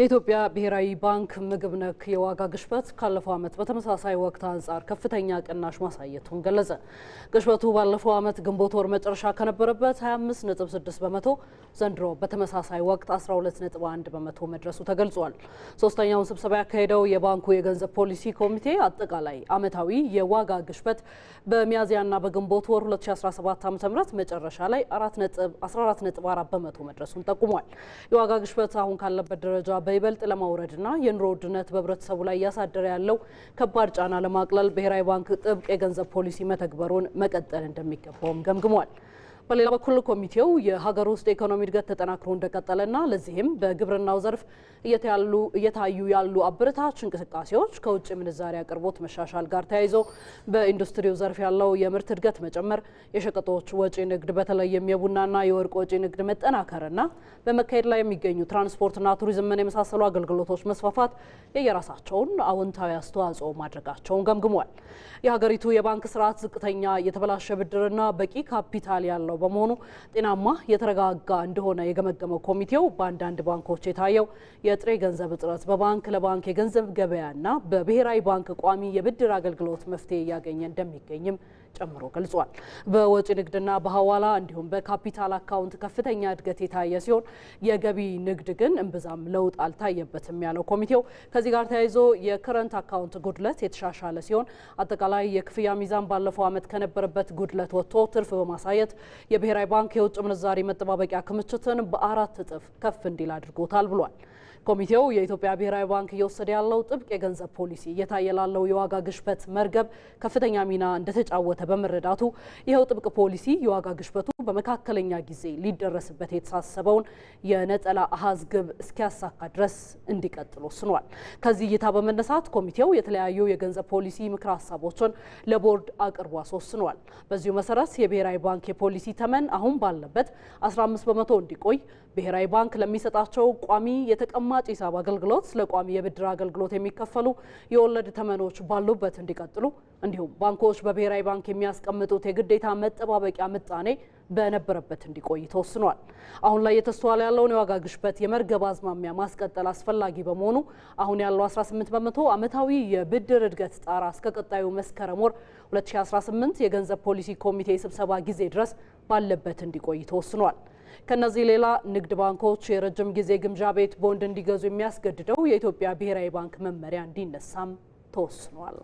የኢትዮጵያ ብሔራዊ ባንክ ምግብ ነክ የዋጋ ግሽበት ካለፈው ዓመት በተመሳሳይ ወቅት አንጻር ከፍተኛ ቅናሽ ማሳየቱን ገለጸ። ግሽበቱ ባለፈው ዓመት ግንቦት ወር መጨረሻ ከነበረበት 25.6 በመቶ ዘንድሮ በተመሳሳይ ወቅት 12.1 በመቶ መድረሱ ተገልጿል። ሶስተኛውን ስብሰባ ያካሄደው የባንኩ የገንዘብ ፖሊሲ ኮሚቴ አጠቃላይ ዓመታዊ የዋጋ ግሽበት በሚያዝያና በግንቦት ወር 2017 ዓ.ም መጨረሻ ላይ 14.4 በመቶ መድረሱን ጠቁሟል። የዋጋ ግሽበት አሁን ካለበት ደረጃ በይበልጥ ለማውረድና የኑሮ ውድነት በህብረተሰቡ ላይ እያሳደረ ያለው ከባድ ጫና ለማቅለል ብሔራዊ ባንክ ጥብቅ የገንዘብ ፖሊሲ መተግበሩን መቀጠል እንደሚገባውም ገምግሟል። በሌላ በኩል ኮሚቴው የሀገር ውስጥ የኢኮኖሚ እድገት ተጠናክሮ እንደቀጠለና ለዚህም በግብርናው ዘርፍ እየታዩ ያሉ አበረታች እንቅስቃሴዎች ከውጭ ምንዛሪ አቅርቦት መሻሻል ጋር ተያይዞ በኢንዱስትሪው ዘርፍ ያለው የምርት እድገት መጨመር፣ የሸቀጦች ወጪ ንግድ በተለይም የቡናና የወርቅ ወጪ ንግድ መጠናከርና በመካሄድ ላይ የሚገኙ ትራንስፖርትና ቱሪዝምን የመሳሰሉ አገልግሎቶች መስፋፋት የየራሳቸውን አዎንታዊ አስተዋጽኦ ማድረጋቸውን ገምግሟል። የሀገሪቱ የባንክ ስርዓት ዝቅተኛ የተበላሸ ብድርና በቂ ካፒታል ያለው ያለው በመሆኑ ጤናማ የተረጋጋ እንደሆነ የገመገመው ኮሚቴው በአንዳንድ ባንኮች የታየው የጥሬ ገንዘብ እጥረት በባንክ ለባንክ የገንዘብ ገበያና በብሔራዊ ባንክ ቋሚ የብድር አገልግሎት መፍትሄ እያገኘ እንደሚገኝም ጨምሮ ገልጿል። በወጪ ንግድና በሐዋላ እንዲሁም በካፒታል አካውንት ከፍተኛ እድገት የታየ ሲሆን የገቢ ንግድ ግን እምብዛም ለውጥ አልታየበትም ያለው ኮሚቴው ከዚህ ጋር ተያይዞ የከረንት አካውንት ጉድለት የተሻሻለ ሲሆን አጠቃላይ የክፍያ ሚዛን ባለፈው ዓመት ከነበረበት ጉድለት ወጥቶ ትርፍ በማሳየት የብሔራዊ ባንክ የውጭ ምንዛሪ መጠባበቂያ ክምችትን በአራት እጥፍ ከፍ እንዲል አድርጎታል ብሏል። ኮሚቴው የኢትዮጵያ ብሔራዊ ባንክ እየወሰደ ያለው ጥብቅ የገንዘብ ፖሊሲ እየታየ ላለው የዋጋ ግሽበት መርገብ ከፍተኛ ሚና እንደተጫወተ በመረዳቱ ይኸው ጥብቅ ፖሊሲ የዋጋ ግሽበቱ በመካከለኛ ጊዜ ሊደረስበት የተሳሰበውን የነጠላ አሃዝ ግብ እስኪያሳካ ድረስ እንዲቀጥል ወስኗል። ከዚህ እይታ በመነሳት ኮሚቴው የተለያዩ የገንዘብ ፖሊሲ ምክር ሀሳቦችን ለቦርድ አቅርቦ አስወስኗል። በዚሁ መሰረት የብሔራዊ ባንክ የፖሊሲ ተመን አሁን ባለበት 15 በመቶ እንዲቆይ ብሔራዊ ባንክ ለሚሰጣቸው ቋሚ የተቀማጭ ሂሳብ አገልግሎት ስለ ቋሚ የብድር አገልግሎት የሚከፈሉ የወለድ ተመኖች ባሉበት እንዲቀጥሉ እንዲሁም ባንኮች በብሔራዊ ባንክ የሚያስቀምጡት የግዴታ መጠባበቂያ ምጣኔ በነበረበት እንዲቆይ ተወስኗል። አሁን ላይ የተስተዋለ ያለውን የዋጋ ግሽበት የመርገብ አዝማሚያ ማስቀጠል አስፈላጊ በመሆኑ አሁን ያለው 18 በመቶ ዓመታዊ የብድር እድገት ጣራ እስከ ቀጣዩ መስከረም ወር 2018 የገንዘብ ፖሊሲ ኮሚቴ ስብሰባ ጊዜ ድረስ ባለበት እንዲቆይ ተወስኗል። ከነዚህ ሌላ ንግድ ባንኮች የረጅም ጊዜ ግምጃ ቤት ቦንድ እንዲገዙ የሚያስገድደው የኢትዮጵያ ብሔራዊ ባንክ መመሪያ እንዲነሳም ተወስኗል።